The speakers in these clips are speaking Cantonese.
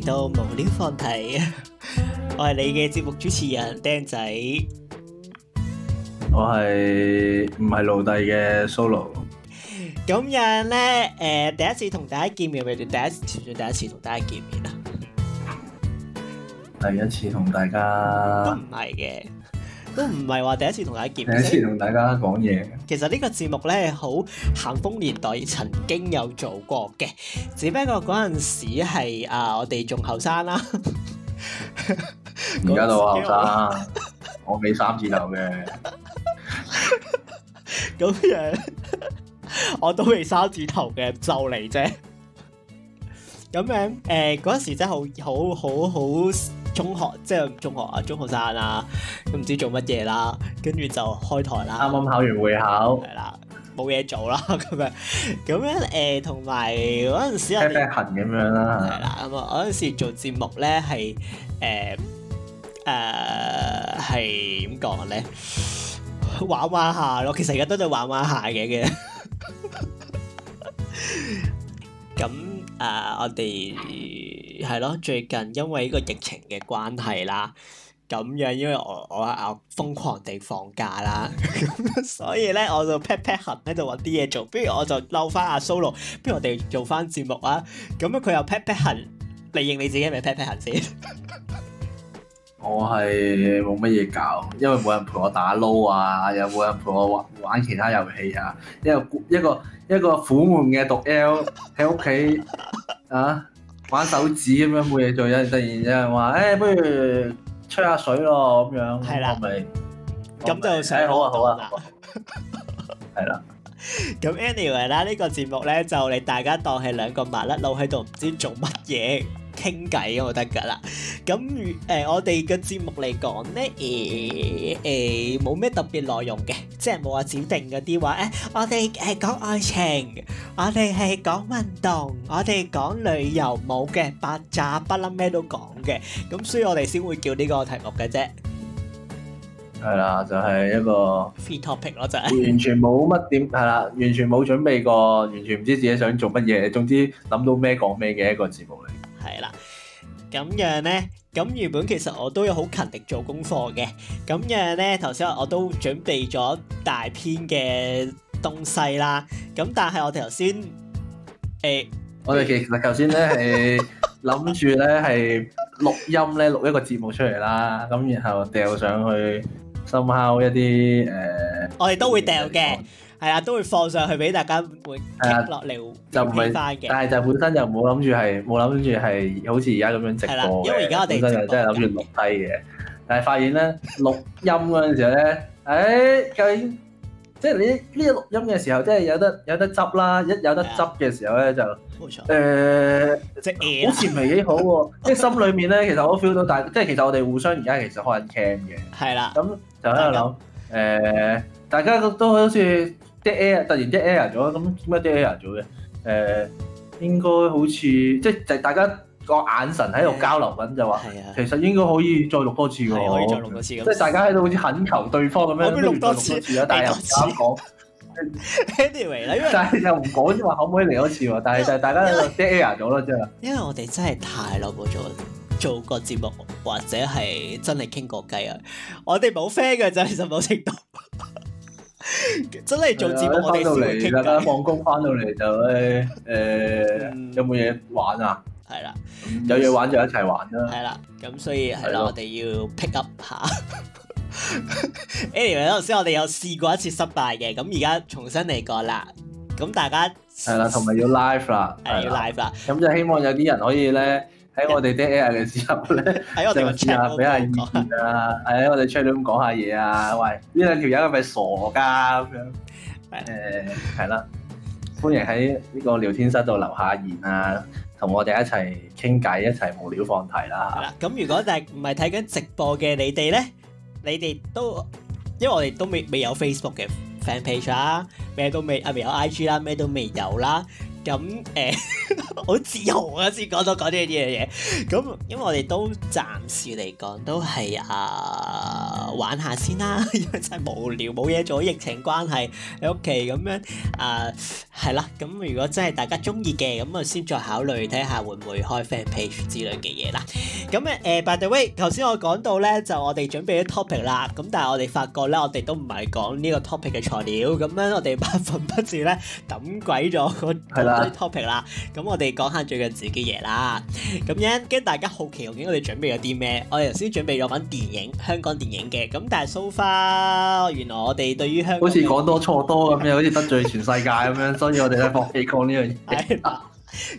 到無聊放題啊！我係你嘅節目主持人釘仔，我係唔係奴隸嘅蘇勞。咁樣咧？誒，第一次同大家見面，咪就第一次算第一次同大家見面啊！第一次同大家都唔係嘅。都唔係話第一次同大家見面，第一次同大家講嘢。其實呢個節目咧，好咸豐年代曾經有做過嘅，只不過嗰陣時係啊，我哋仲後生啦。而 家都後生、啊， 我未三字頭嘅。咁 這樣， 我都未三字頭嘅，就嚟啫。咁誒誒，嗰、呃、陣時真係好好好好，好，好，中學即係、就是、中學啊，中學生啊。都唔知做乜嘢啦，跟住就開台啦。啱啱考完會考，係啦，冇嘢做啦咁樣。咁樣誒，同埋嗰陣時，咩咩痕咁樣啦。係啦，咁啊，嗰陣時做節目咧係誒誒係點講咧？玩玩下咯，其實而家都喺度玩玩下嘅嘅。咁 啊、呃，我哋係咯，最近因為呢個疫情嘅關係啦。咁樣，因為我我阿瘋狂地放假啦，咁 所以咧我就 pat pat 痕喺度揾啲嘢做，不如我就溜翻阿 Solo，不如我哋做翻節目啊？咁樣佢又 pat pat 痕，你認你自己係咪 pat pat 痕先？我係冇乜嘢搞，因為冇人陪我打撈啊，又冇 人陪我玩玩其他遊戲啊，一個一個一個苦悶嘅毒 L 喺屋企啊玩手指咁樣冇嘢做，有突然有人話，誒、欸，不如。吹下水咯，咁樣，係啦，我咪咁就寫好啊，好啊，係啦、啊。咁 anyway 啦，呢個節目咧就你大家當係兩個麻甩佬喺度唔知做乜嘢。傾偈我得噶啦。咁如，誒，我哋嘅節目嚟講咧，誒誒，冇咩特別內容嘅，即係冇話指定嗰啲話，誒，我哋係講愛情，我哋係講運動，我哋講旅遊，冇嘅八雜不嬲咩都講嘅。咁所以我哋先會叫呢個題目嘅啫。係啦，就係一個 free topic 咯，就係完全冇乜點。係啦，完全冇準備過，完全唔知自己想做乜嘢，總之諗到咩講咩嘅一個節目嚟。係啦，咁樣咧，咁原本其實我都有好勤力做功課嘅，咁樣咧，頭先我都準備咗大篇嘅東西啦，咁但係我哋頭先誒，我哋其實頭先咧係諗住咧係錄音咧錄一個節目出嚟啦，咁然後掉上去深烤一啲誒，我哋都會掉嘅。係啊，都會放上去俾大家會接落嚟就唔編翻嘅。但係就本身就冇諗住係冇諗住係好似而家咁樣直播。因為而家我哋真係真係諗住錄低嘅，但係發現咧錄音嗰陣時候咧，誒究竟即係你呢個錄音嘅時候，即係有得有得執啦，一有得執嘅時候咧就冇錯誒，即係好似唔係幾好喎。即係心裡面咧，其實我都 feel 到，但即係其實我哋互相而家其實開緊 cam 嘅。係啦，咁就喺度諗誒，大家都好似。即係 air 突然即係 air 咗，咁乜解 air 咗嘅？誒、呃，應該好似即係大家個眼神喺度交流緊，就話 Yeah, 其實應該可以再錄多次 yeah, 可以再錄多次嘅。即係大家喺度好似乞求對方咁樣，我可唔可以錄多次啊？但係又唔講，但係又唔講，即係話可唔可以嚟多次喎？但係就大家即係 air 咗咯，為真係的。因為我哋真係太耐冇做過做過節目，或者係真係傾過偈。啊！ 我哋冇 friend 嘅，就真係冇識到。真係做節目，我哋先。翻到嚟，大家放工翻到嚟就誒誒、 欸，有冇嘢玩啊？係啦了、嗯，有嘢玩就一齊玩啦，啊。係啦，咁所以係啦，了我哋要 pick up 下。 Anyway，頭先我哋有試過一次失敗嘅，咁而家重新嚟過啦。咁大家係啦，同埋要 live 啦，係要 live 啦。咁就希望有啲人可以咧。喺我哋聽 AI 嘅時候咧，就試下俾人意見啊！喺我哋 channel 咁講下嘢啊！喂，呢兩條友係咪傻噶咁樣？誒，係啦，歡迎喺呢個聊天室度留下言啊，同我哋一齊傾偈，一齊無聊放題啦！嗱，咁如果就係唔係睇緊直播嘅你哋咧，你哋都因為我哋都未未有 Facebook 嘅 fan page 啦，咩都未啊，未有 IG 啦，咩都未有啦。咁誒，好自豪啊！先講到講呢啲嘢嘢，咁因為我哋都暫時嚟講都係啊玩下先啦，因為真係無聊冇嘢做，疫情關係喺屋企咁樣啊，係啦，咁如果真係大家中意嘅，咁啊先再考慮睇下會唔會開 fan page 之類嘅嘢啦。咁誒，by the way，頭先我講到咧，就我哋準備咗 topic 啦，咁但係我哋發覺咧，我哋都唔係講呢個 topic 嘅材料，咁樣我哋百分不字咧抌鬼咗個 topic 啦，咁我哋講下最近自己嘢啦。咁樣，驚大家好奇究竟我哋準備咗啲咩？我哋頭先準備咗份電影，香港電影嘅。咁但係 so far，原來我哋對於香港好似講多錯多咁樣， 好似得罪全世界咁樣， 所以我哋咧放棄講呢樣嘢。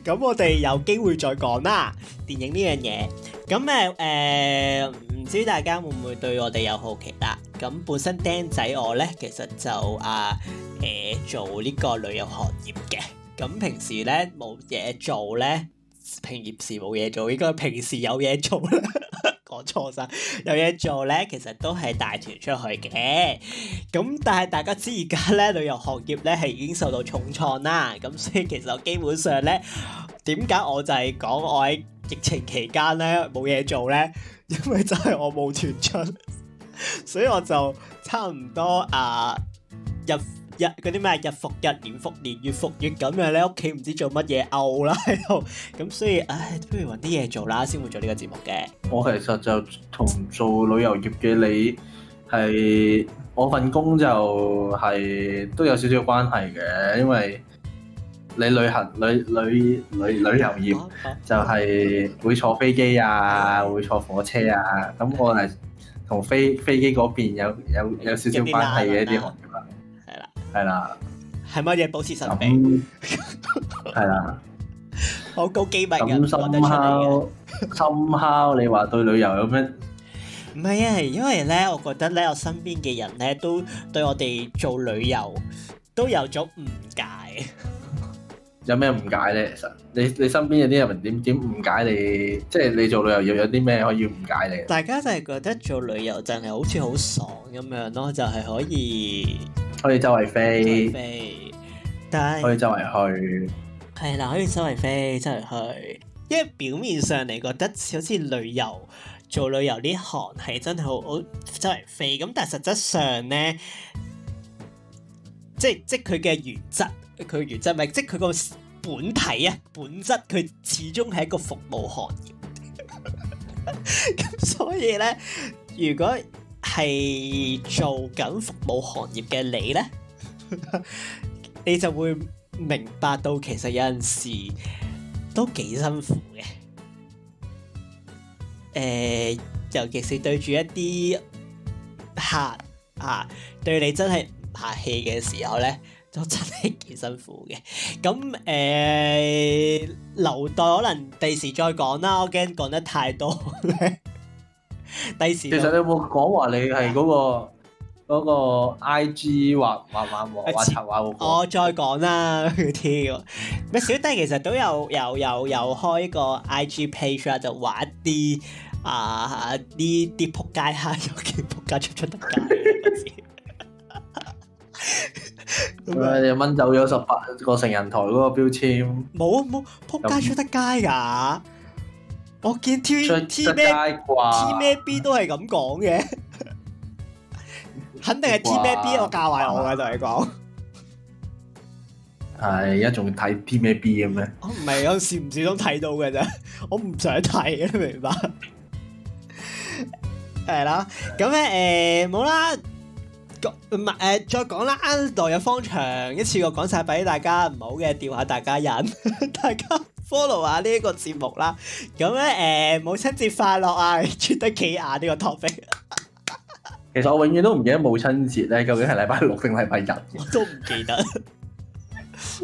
咁 我哋有機會再講啦，電影呢樣嘢。咁誒誒，唔、呃、知大家會唔會對我哋有好奇啦？咁本身釘仔我咧，其實就啊誒、呃、做呢個旅遊行業嘅。咁平時咧冇嘢做咧，平業時冇嘢做，應該平時有嘢做啦。講 錯晒，有嘢做咧，其實都係帶團出去嘅。咁但係大家知而家咧旅遊行業咧係已經受到重創啦。咁所以其實我基本上咧，點解我就係講我喺疫情期間咧冇嘢做咧？因為就係我冇團出，所以我就差唔多啊入。日嗰啲咩日復日、年復年、月復月咁樣咧，屋企唔知做乜嘢嘔啦，喺度。咁所以唉，不如搵啲嘢做啦，先會做呢個節目嘅。我其實就同做旅遊業嘅你係我份工就係都有少少關係嘅，因為你旅行旅旅旅旅遊業就係會坐飛機啊，會坐火車啊，咁我係同飛飛機嗰邊有有有少少關係嘅一啲行業。係啦，係乜嘢保持神秘？係啦，好高機密嘅，講得出嚟嘅。深烤，你話對旅遊有咩？唔係啊，係因為咧，我覺得咧，我身邊嘅人咧，都對我哋做旅遊都有咗誤解。有咩誤解咧？其實你你身邊有啲人點點誤解你，即係你做旅遊要有啲咩可以誤解你？大家就係覺得做旅遊就係好似好爽咁樣咯，就係可以可以周圍飛飛，但係可以周圍去，係啦，可以周圍飛周圍去。因為表面上你覺得好似旅遊做旅遊呢行係真係好好周圍飛，咁但係實質上咧，即即佢嘅原則。佢原則咪即係佢個本體啊，本質佢始終係一個服務行業，咁 所以咧，如果係做緊服務行業嘅你咧， 你就會明白到其實有陣時都幾辛苦嘅。誒、呃，尤其是對住一啲客啊，對你真係唔客氣嘅時候咧。就真係幾辛苦嘅，咁誒，留待可能第時再講啦，我驚講得太多咧。第時。其實你有冇講話你係嗰個嗰個 I G 畫畫畫畫畫？我再講啦，佢跳。咩小弟其實都有有有有開一個 I G page 啊，就畫啲啊啲啲仆街，吓有件仆街出出得街。你掹走咗十八個成人台嗰個標籤？冇冇、嗯，撲街出得街噶！我見 T 咩 B 都係咁講嘅，肯定係 T 咩 B 我教壞我噶，就係講。係一種睇 T 咩 B 咁咩？我唔係 我時唔時都睇到嘅啫，我唔想睇，你明白？係 啦，咁咧誒，冇啦、 嗯。唔係誒，再講啦，來日方長，一次過講晒俾大家，唔好嘅調下大家人，大家 follow 下呢個節目啦。咁咧誒，母親節快樂啊！穿得企硬呢個 topic。其實我永遠都唔記得母親節咧，究竟係禮拜六定係禮拜日，我都唔記得。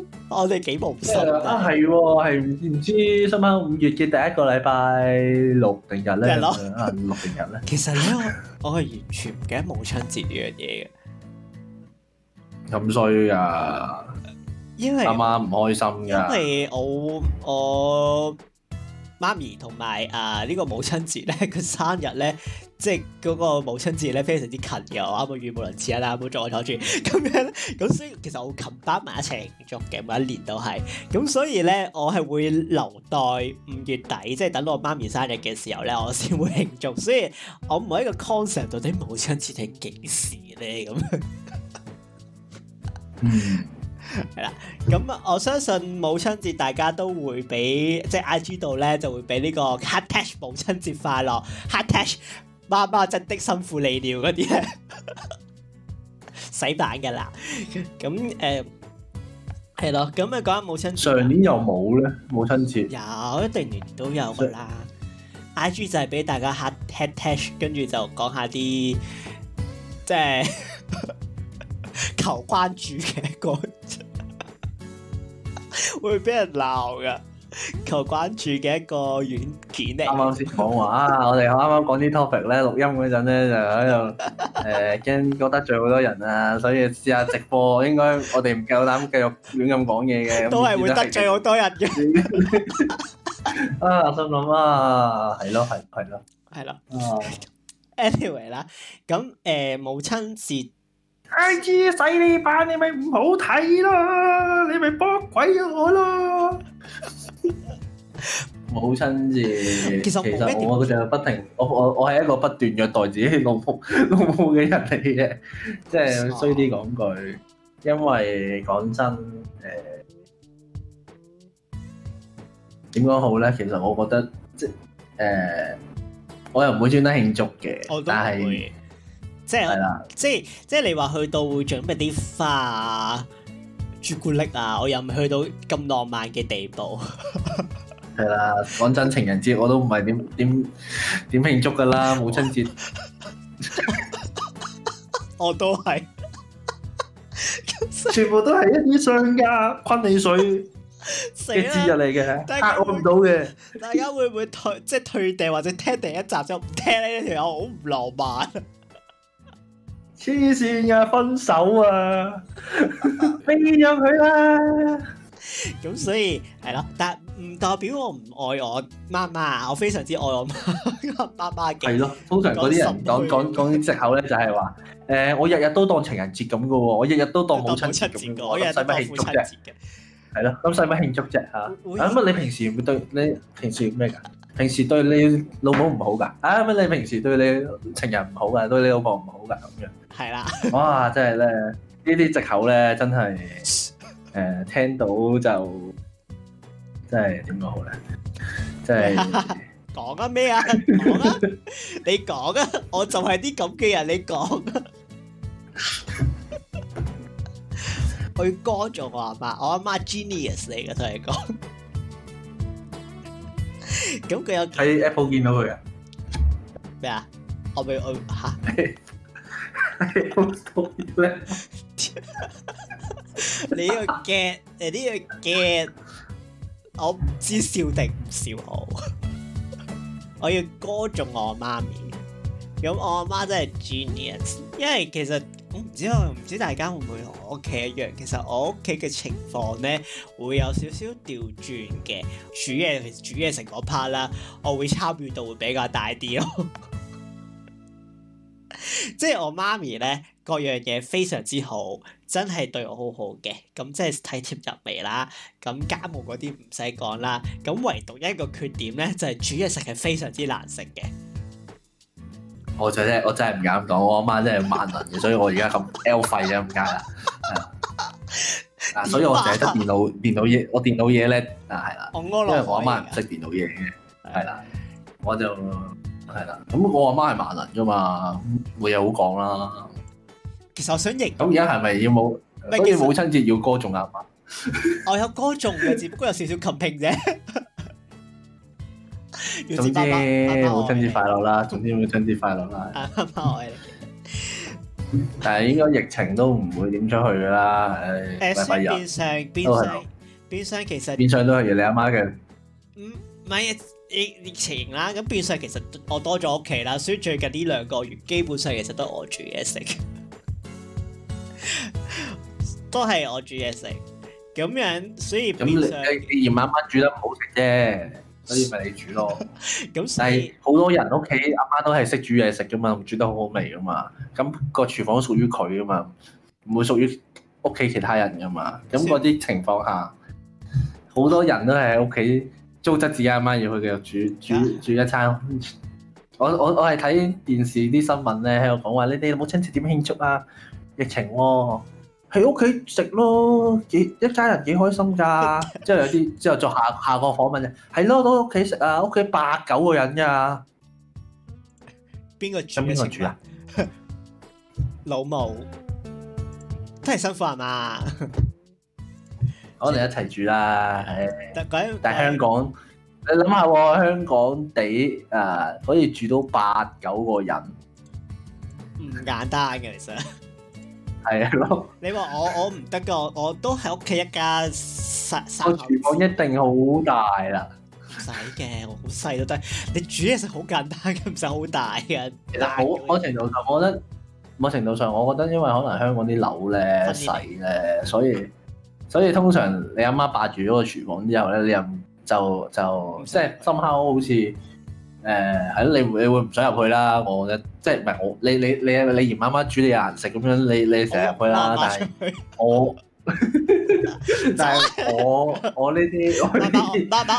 我哋幾無心啊，係喎，係唔知唔知，今晚五月嘅第一個禮拜六定日咧，六定日咧？其實咧，我係完全唔記得母親節呢樣嘢嘅。咁衰噶，因為啱啱唔開心㗎。因為我我媽咪同埋啊呢個母親節咧，佢生日咧。即係嗰個母親節咧，非常之近嘅。我啱好語無倫次啊，但係唔好阻我阻住咁樣。咁所以其實我琴晚埋一齊慶祝嘅，每一年都係。咁所以咧，我係會留待五月底，即係等到我媽咪生日嘅時候咧，我先會慶祝。所以我唔係一個 concept，到底母親節係幾時咧？咁樣。嗯， 係啦。咁我相信母親節大家都會俾，即係 IG 度咧就會俾呢個 hashtag 母親節快樂 hashtag。媽媽真的辛苦你了嗰啲咧， 洗版噶啦。咁誒，係、呃、咯。咁啊講下母親。上年又冇咧，母親節。有，一定年年都有噶啦。I Sir, G 就係俾大家吓 attach，跟住就講下啲即係求關注嘅嗰種， 會俾人鬧噶。求關注嘅一個軟件嚟。啱啱先講話啊， 我哋啱啱講啲 topic 咧，錄音嗰陣咧就喺度誒驚覺得罪好多人啊，所以試下直播， 應該我哋唔夠膽繼續亂咁講嘢嘅。都係會得罪好多人嘅。 啊，我心諗啊，係咯，係係咯，係咯。anyway 啦，咁誒、啊 anyway，欸、母親節，IG 使你扮你咪唔好睇咯，你咪幫鬼咗我咯。母親節 自，其實其實我就不停，我我我係一個不斷虐待自己、老母嘅人嚟嘅，即係衰啲講句，因為講真，誒、呃，點講好咧？其實我覺得即誒、呃，我又唔會專登慶祝嘅，但係是即係係啦，即係即係你話去到會準備啲花、啊。朱古力啊！我又唔去到咁浪漫嘅地步。係 啦，講真，情人節我都唔係點點點慶祝噶啦。母親節， 我都也係， 實全部都係一啲商家、昆你水嘅、節日嚟嘅，昆我唔到嘅。 大家會唔會退即係、就是、退訂或者聽第一集就唔聽，呢條友好唔浪漫？黐線啊分手啊！飛咗佢啦。咁所以係咯，但唔代表我唔愛我媽媽，我非常之愛我媽媽。係咯，通常嗰啲人講講講啲藉口咧，就係話誒，我日日都當情人節咁噶喎，我日日都當母親節咁，我使乜慶祝啫？係咯，咁使乜慶祝啫？嚇嚇乜？你平時會對你平時咩㗎？平時對你老母唔好噶，啊，乜你平時對你情人唔好噶，對你老婆唔好噶咁樣。係啦，哇真係咧，呢啲藉口咧真係，誒聽到就真係點講好咧，即係講緊咩呀，講呀，你講啊，我就係啲咁嘅人，你講啊，佢歌咗我阿媽，我阿媽 Genius 嚟噶，同你講。咁佢有喺 Apple 見到佢啊？咩啊？我咪我嚇，係好討厭咧！你呢個 get，你呢個 get，我唔知笑定唔笑好。我要歌頌我媽咪，咁我阿媽真係 genius，因為其實。咁之後唔知，唔知大家會唔會同我屋企一樣？其實我屋企嘅情況呢，會有少少調轉嘅，煮嘢食煮嘢食嗰 part 啦，我會參與度會比較大啲咯。 即係我媽咪呢，各樣嘢非常之好，真係對我好好嘅，咁即係體貼入微啦。咁家務嗰啲唔使講啦，咁唯獨一個缺點呢，就係煮嘢食係非常之難食嘅。我真係我真係唔敢講，我阿媽真係萬能嘅，所以我而家咁 L 廢咧，咁解啦，係啦，所以我淨係得電腦 電腦嘢，我電腦嘢叻啊，係啦， 因為我阿媽唔識電腦嘢嘅，係啦， 我就係啦，咁我阿媽係萬能噶嘛，冇嘢好講啦。其實我想認，咁而家係咪要冇？唔係母親節要歌頌阿媽。 我有歌頌嘅，只不過有少少，少琴平啫。爸爸，總之，母親節快樂啦！ 總之親，母親節快樂啦。但係應該疫情都唔會點出去㗎啦。唉。誒，變相變相變相，其實變相都係你阿媽嘅。唔係疫情啦，咁變相其實我多咗屋企啦，所以最近呢兩個月基本上其實都係我煮嘢食， 都係我煮嘢食。咁樣，所以變相你。咁你而而媽媽煮得唔好食啫。所以咪你煮咯， 但係好多人屋企阿媽都係識煮嘢食噶嘛，煮得好好味噶嘛，咁個廚房屬於佢噶嘛，唔會屬於屋企其他人噶嘛，咁嗰啲情況下，好多人都係喺屋企租質自己阿媽，媽要佢哋煮煮煮，煮一餐。我我我係睇電視啲新聞咧，喺度講話你哋冇親戚點慶祝啊，疫情喎，啊。喺屋企食咯，幾一家人幾開心㗎！之後 有啲之後再下下個訪問啫。係咯，到屋企食啊，屋企八九個人㗎。邊個住嘅？住 老母真係辛苦係嘛？可 能一齊住啦，唉！ 但係香港， 你諗下，香港地啊，uh, 可以住到八九個人，唔簡單嘅其實。 係咯， 你話我我唔得噶，我都喺屋企一家三三，廚房一定好大啦。唔使嘅，我好細都得。你煮嘢食好簡單嘅，唔使好大嘅。其實好，某程度上，我覺得某 程度上，我覺得因為可能香港啲樓咧細咧，所以所以通常你阿媽霸住咗個廚房之後咧，你又就就即係深刻好似。誒係咯，你你會唔想入去啦？我嘅即係唔係我你你你你嫌媽媽煮嘢難食咁樣，你你成日去啦。但係我，但係我我呢啲我呢啲誒係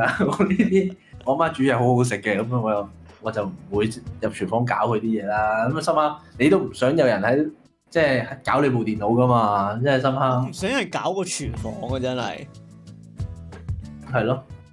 啊！我呢啲我媽煮嘢好好食嘅，咁樣我又我就唔會入廚房搞佢啲嘢啦。咁啊，心諗你都唔想有人喺即係搞你部電腦㗎嘛？即係心諗唔想人搞個廚房啊！真係係咯。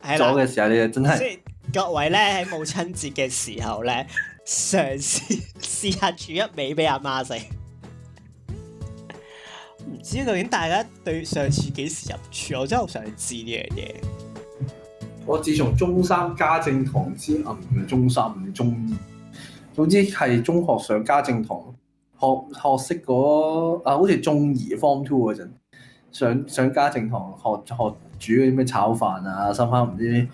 咗嘅對時候你又真係，即係各位咧喺母親節嘅時候咧，嘗試試下煮一味俾阿媽食。唔知究竟大家對上次幾時入廚，我真係好想知呢樣嘢。我自從中三家政堂之，唔、啊、係中三唔係中二，總之係中學上家政堂，學學識嗰、那個、啊，好似中二 Form Two 嗰陣上上家政堂學學。煮嗰啲咩炒飯啊，生翻唔知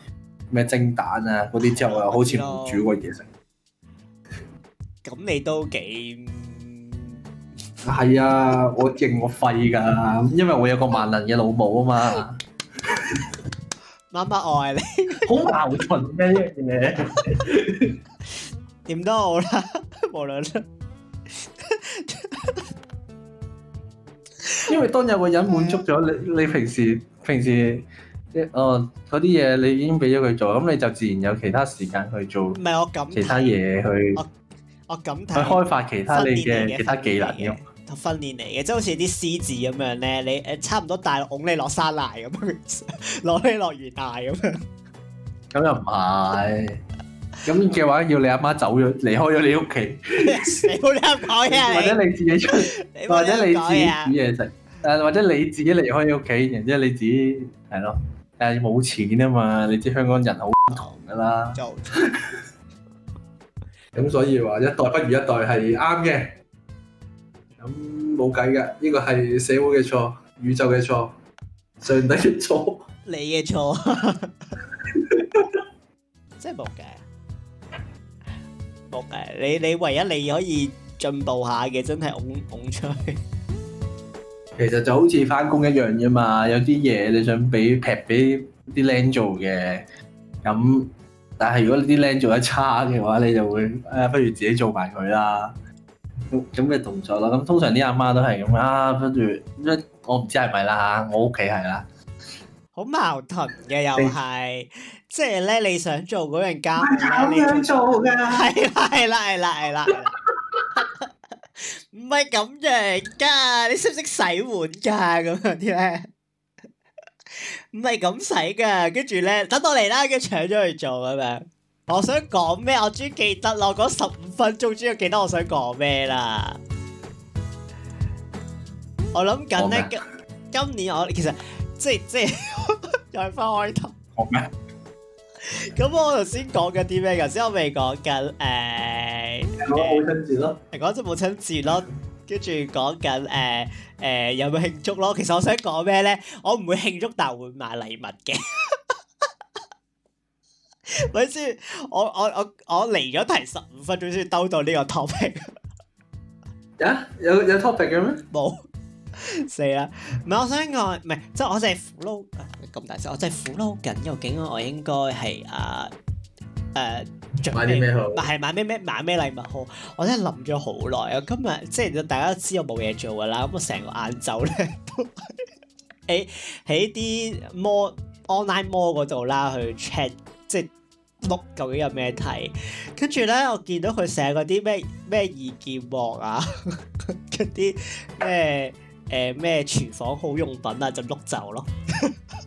咩蒸蛋啊嗰啲之後，我又好似唔煮過嘢食。咁你都幾？係啊，我認我廢㗎，因為我有個萬能嘅老母啊嘛。 媽媽愛你。好矛盾咩？點都好啦，無論。 因為當有個人滿足咗你， 你平時。平時即係哦嗰啲嘢你已經俾咗佢做，咁你就自然有其他時間去做，唔係我咁其他嘢去，我我咁睇去開發其他你嘅其他技能嘅，訓練嚟嘅，即係好似啲獅子咁樣咧，你誒差唔多大攬你落山崖咁樣，攬你落魚大咁樣，咁又唔係，咁嘅話要你阿媽走咗，離開咗你屋企，或者你自己出，或者你自己煮嘢食。誒或者你自己離開屋企，然之後你自己係咯，但係冇錢啊嘛！你知香港人好窮噶啦，咁 所以話一代不如一代係啱嘅，咁冇計㗎，呢個係社會嘅錯，宇宙嘅錯，上帝嘅錯，你嘅錯，真係冇計冇計，你你唯一你可以進步下嘅，真係㧬㧬出去。其實就好似返工一樣啫嘛，有啲嘢你想俾劈俾啲靚做嘅，咁但係如果啲靚做得差嘅話，你就會誒不如自己做埋佢啦，咁咁嘅動作咯。咁通常啲阿媽都係咁啊，跟住一我唔知係咪啦吓，我屋企係啦。好矛盾嘅又係，即係咧你想做嗰樣家務咧，你唔係咁樣做㗎，係啦係啦係啦。唔係咁樣噶，你識唔識洗碗噶？咁樣啲咧，唔係咁洗噶。跟住咧，等到嚟啦，跟住搶咗去做咁樣。我想講咩？我終於記得咯，嗰十五分鐘終於記得我想講咩啦。我諗緊咧，今今年我其實即係即係再翻開頭。講咩？咁我頭先講緊啲咩嘅，頭先我未講緊誒。講母親節咯，係講咗母親節咯，跟住講緊誒誒有冇慶祝咯？其實我想講咩咧？我唔會慶祝，但會買禮物嘅。你知我我我我嚟咗提十五分鐘先兜到呢個 topic。呀？有有 topic 嘅咩？冇。死啦！唔係我想講，唔係即係我淨係苦撈，咁大隻我正係苦撈緊。究竟我應該係啊？誒、呃、買啲咩好？但係買咩咩買咩禮物好？我真係諗咗好耐。啊。今日即係大家都知我冇嘢做噶啦。咁我成個晏晝咧，喺喺啲 mall online mall 嗰度啦，去 check 即係碌究竟有咩睇。跟住咧，我見到佢寫嗰啲咩咩意見網啊，嗰啲咩誒咩廚房好用品啊，就碌走咯。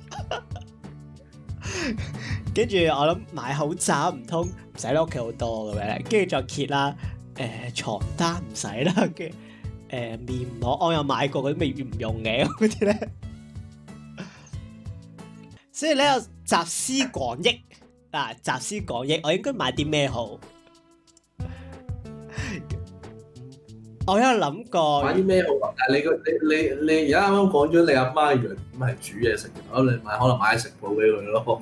跟住我諗買口罩唔通唔使喺屋企好多嘅咩？跟住再揭啦，誒、呃、床單唔使啦嘅，誒、呃、面膜、哦、我有買過，佢都未唔用嘅啲咧。所以咧，集思廣益嗱，集思廣益，、啊、益，我應該買啲咩好？我有諗過，買啲咩好啊？你你你你而家啱啱講咗你阿媽嘅弱點係煮嘢食，咁你買可能買食譜俾佢咯。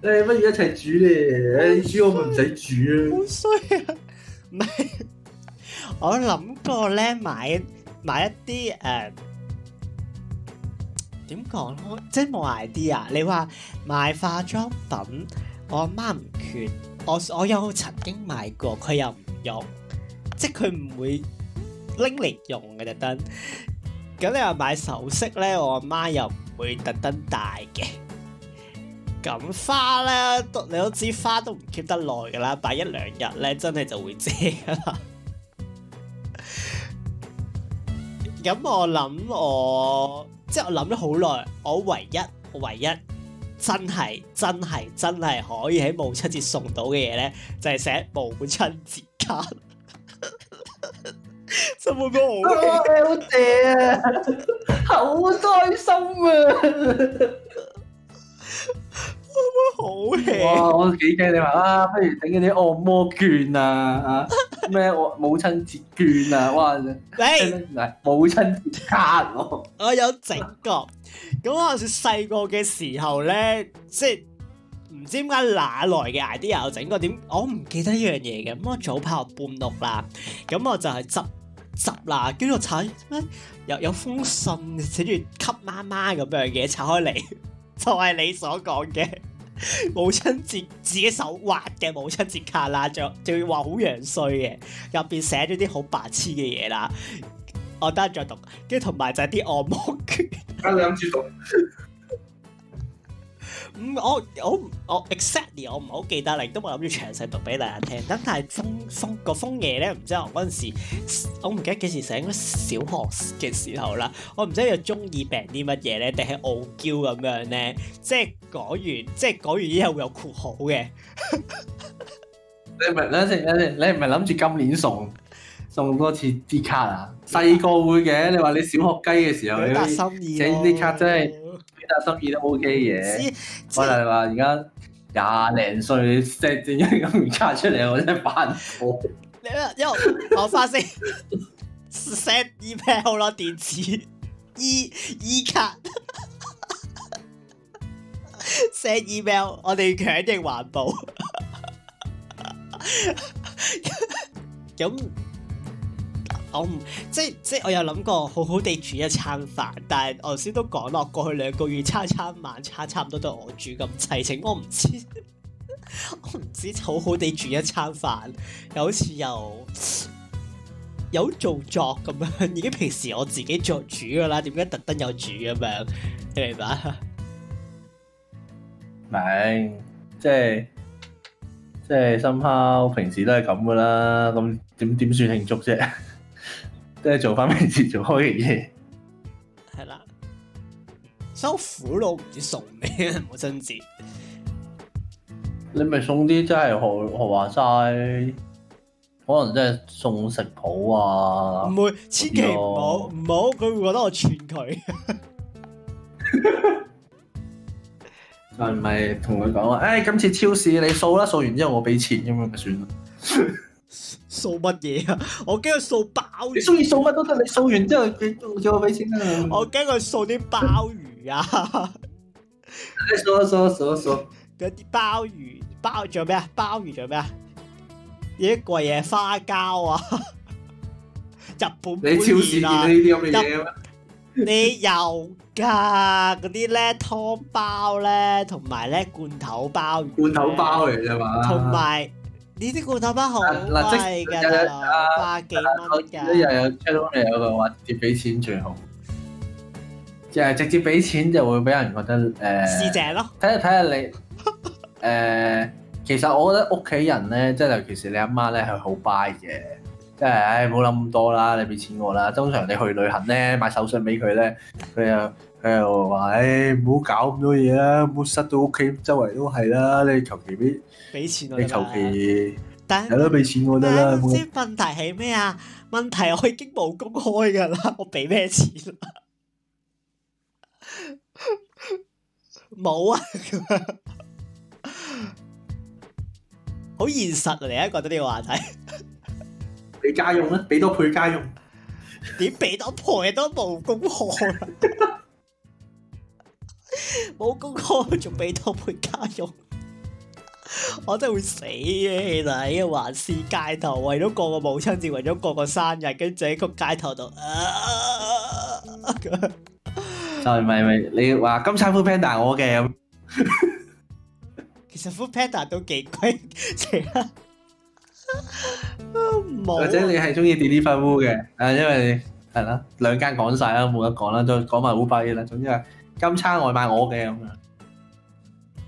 你、 哎、不如一齊煮咧，壞你煮我咪唔使煮咯。好衰啊！唔係，我諗過咧，買買一啲誒，點講咯？即係冇 idea 啊！你話買化妝品，我阿媽唔缺，我我有曾經買過，佢又。用，即係佢唔會拎嚟用嘅特登。咁你話買首飾咧，我阿媽又唔會特登戴嘅。咁花咧，你都知花都唔 keep 得耐噶啦，擺一兩日咧，真係就會謝啦。咁我諗我，即係我諗咗好耐，我唯一，我唯一。真係真係真係可以喺母親節送到嘅嘢咧，就係寫母親節卡。什麼歌？我好開心啊！我好 hea！哇，我幾驚你話啊，不如整嗰啲按摩券啊，吓咩？我母親節券啊，哇！你唔係母親節卡我，我有直覺。咁我喺細個嘅時候咧，即係唔知點解哪來嘅 idea，整個點我唔記得一樣嘢嘅。咁我早跑半六啦，咁我就係執執啦，跟住我查咩有,有封信寫住給媽媽咁樣嘅，拆開嚟 就係你所講嘅母親節自己手畫嘅母親節卡啦，仲仲要話好樣衰嘅，入邊寫咗啲好白痴嘅嘢啦。我等下再讀，跟住同埋就係啲按摩啊！你諗住讀？唔，我我我 exactly，我唔係好記得嚟，都冇諗住詳細讀俾大家聽。但係楓楓嗰封嘢咧，唔知我嗰陣時，我唔記得幾時寫，應該小學嘅時候啦。我唔知佢中意病啲乜嘢咧，定係傲嬌咁樣咧？即係講完，即係講完以後會有括號嘅。你唔係，等陣，等陣，你唔係諗住今年送？送多次啲卡啊！細個會嘅，你話你小學雞嘅時候你整啲卡真係幾達心意都 OK 嘅。問題係話而家廿零歲，即係整啲咁嘅卡出嚟，我真係犯錯。你因休我翻先，send email e 囉電子 e e 卡，send email e 我哋強調環保。咁。 我唔即係即係，我有諗過好好地煮一餐飯，但係我頭先都講落過去兩個月餐餐晚餐差唔多都我煮咁齊整。我唔知 我唔知好好地煮一餐飯，又好似又有，有做作咁樣，已經平時我自己作主噶啦，點解特登又煮咁樣？你明白？明？即係即係，燒烤平時都係咁噶啦，咁點點算慶祝啫？即係做翻平時做開嘅嘢，係啦，收苦腦，唔知送咩，冇真字。你咪送啲真係學學話齋，可能真係送食譜啊，唔會，啊、千祈唔好唔好，佢會覺得我串佢。但係同佢講話，誒，今次超市你掃啦，掃完之後我俾錢咁樣就算啦。 掃乜嘢啊？我驚佢掃鮑魚，你中意掃乜都得。你掃完之後，佢仲有俾錢啊？我驚佢掃啲鮑魚啊！掃掃掃掃嗰啲鮑魚，鮑魚仲有咩啊？鮑魚仲有咩啊？啲貴嘢花膠啊！日本你超市見到呢啲咁嘅嘢嘅咩？你又噶嗰啲咧湯包咧，同埋咧罐頭鮑魚，罐頭包嚟啫嘛，同埋。呢啲罐頭包好貴㗎，一日有 chatroom 嚟，話直接俾錢最好，即係直接俾錢就會俾人覺得誒。呃、咯，睇下睇下你誒、 呃，其實我覺得屋企人咧，即係尤其是你阿媽咧，係好 buy 嘅，即係誒，唔好諗咁多啦，你俾錢我啦。通常你去旅行咧，買手信俾佢咧，佢又。佢又唔好搞咁多嘢啦，唔好塞到屋企，周圍都係啦。你求其俾，俾錢我你求其有得俾錢我得啦。唔知問題係咩啊？問題我已經冇工開噶啦，我俾咩錢？冇 有啊！ 好現實嚟啊，覺得呢個話題。俾 家用啦，俾多倍家用。點俾多倍都冇工開 冇公公仲俾多倍家用，我真係會死嘅，你喺個環市街頭為咗過個母親節，為咗過個生日，跟住喺個街頭度，就係咪咪你話今餐 Food Panda 我嘅，其實 Food Panda 都幾貴，成啦，或者你係中意點 Deliveroo 嘅，啊，因為係啦，兩間講晒啦，冇得講啦，再講埋 Uber 啦，總之係。今餐外賣我嘅咁樣，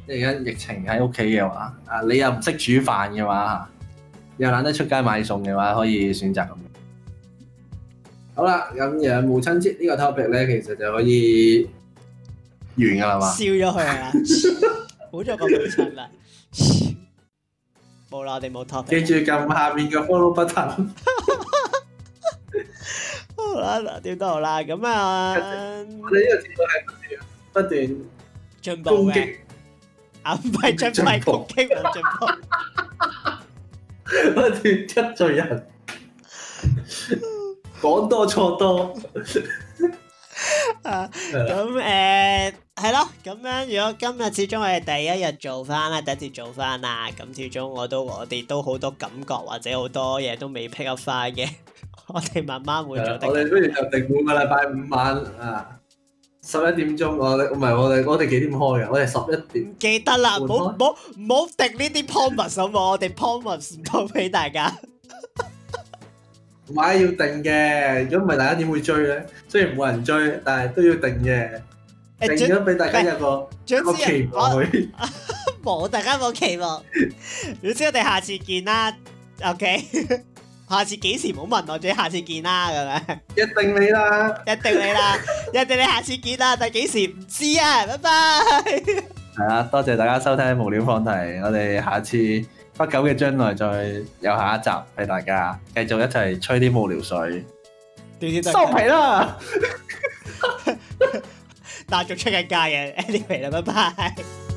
即係而家疫情喺屋企嘅話，啊你又唔識煮飯嘅話，又懶得出街買餸嘅話，可以選擇咁。好啦，咁有母親節呢個 topic 咧，其實就可以完㗎啦嘛，燒咗佢啊，好咗個母親啦，冇啦，我哋冇 topic，記住撳下面嘅 follow button。好啦，點到啦，咁啊，我哋呢個節目係。不斷進步嘅，唔係進步，進步，不斷得罪人，講多錯多啊！咁誒，係咯，咁樣。如果今日始終係第一日做翻啦，第一次做翻啦，咁始終我都我哋都好多感覺或者好多嘢都未 pick up 翻嘅，我哋慢慢會做。我哋不如就定每個禮拜五晚啊。十一點鐘，我哋唔係我哋我哋幾點開嘅？我哋十一點。唔記得啦，唔好唔好唔好定呢啲 promise 好冇？我哋 promise 唔到俾大家。唔係要定嘅，如果唔係大家點會追咧？雖然冇人追，但係都要定嘅。定咗俾大家一個一個期待。冇大家冇期望，總之我哋下次見啦。OK。下次幾時唔好問我，最下次見啦，咁樣。一定你啦，一定你啦，一定你下次見啦，但幾時唔知啊，拜拜。係啊，多謝大家收聽無聊放題，我哋下次不久嘅將來再有下一集俾大家，繼續一齊吹啲無聊水。收皮啦！但係仲出緊街嘅，anyway 啦，拜拜。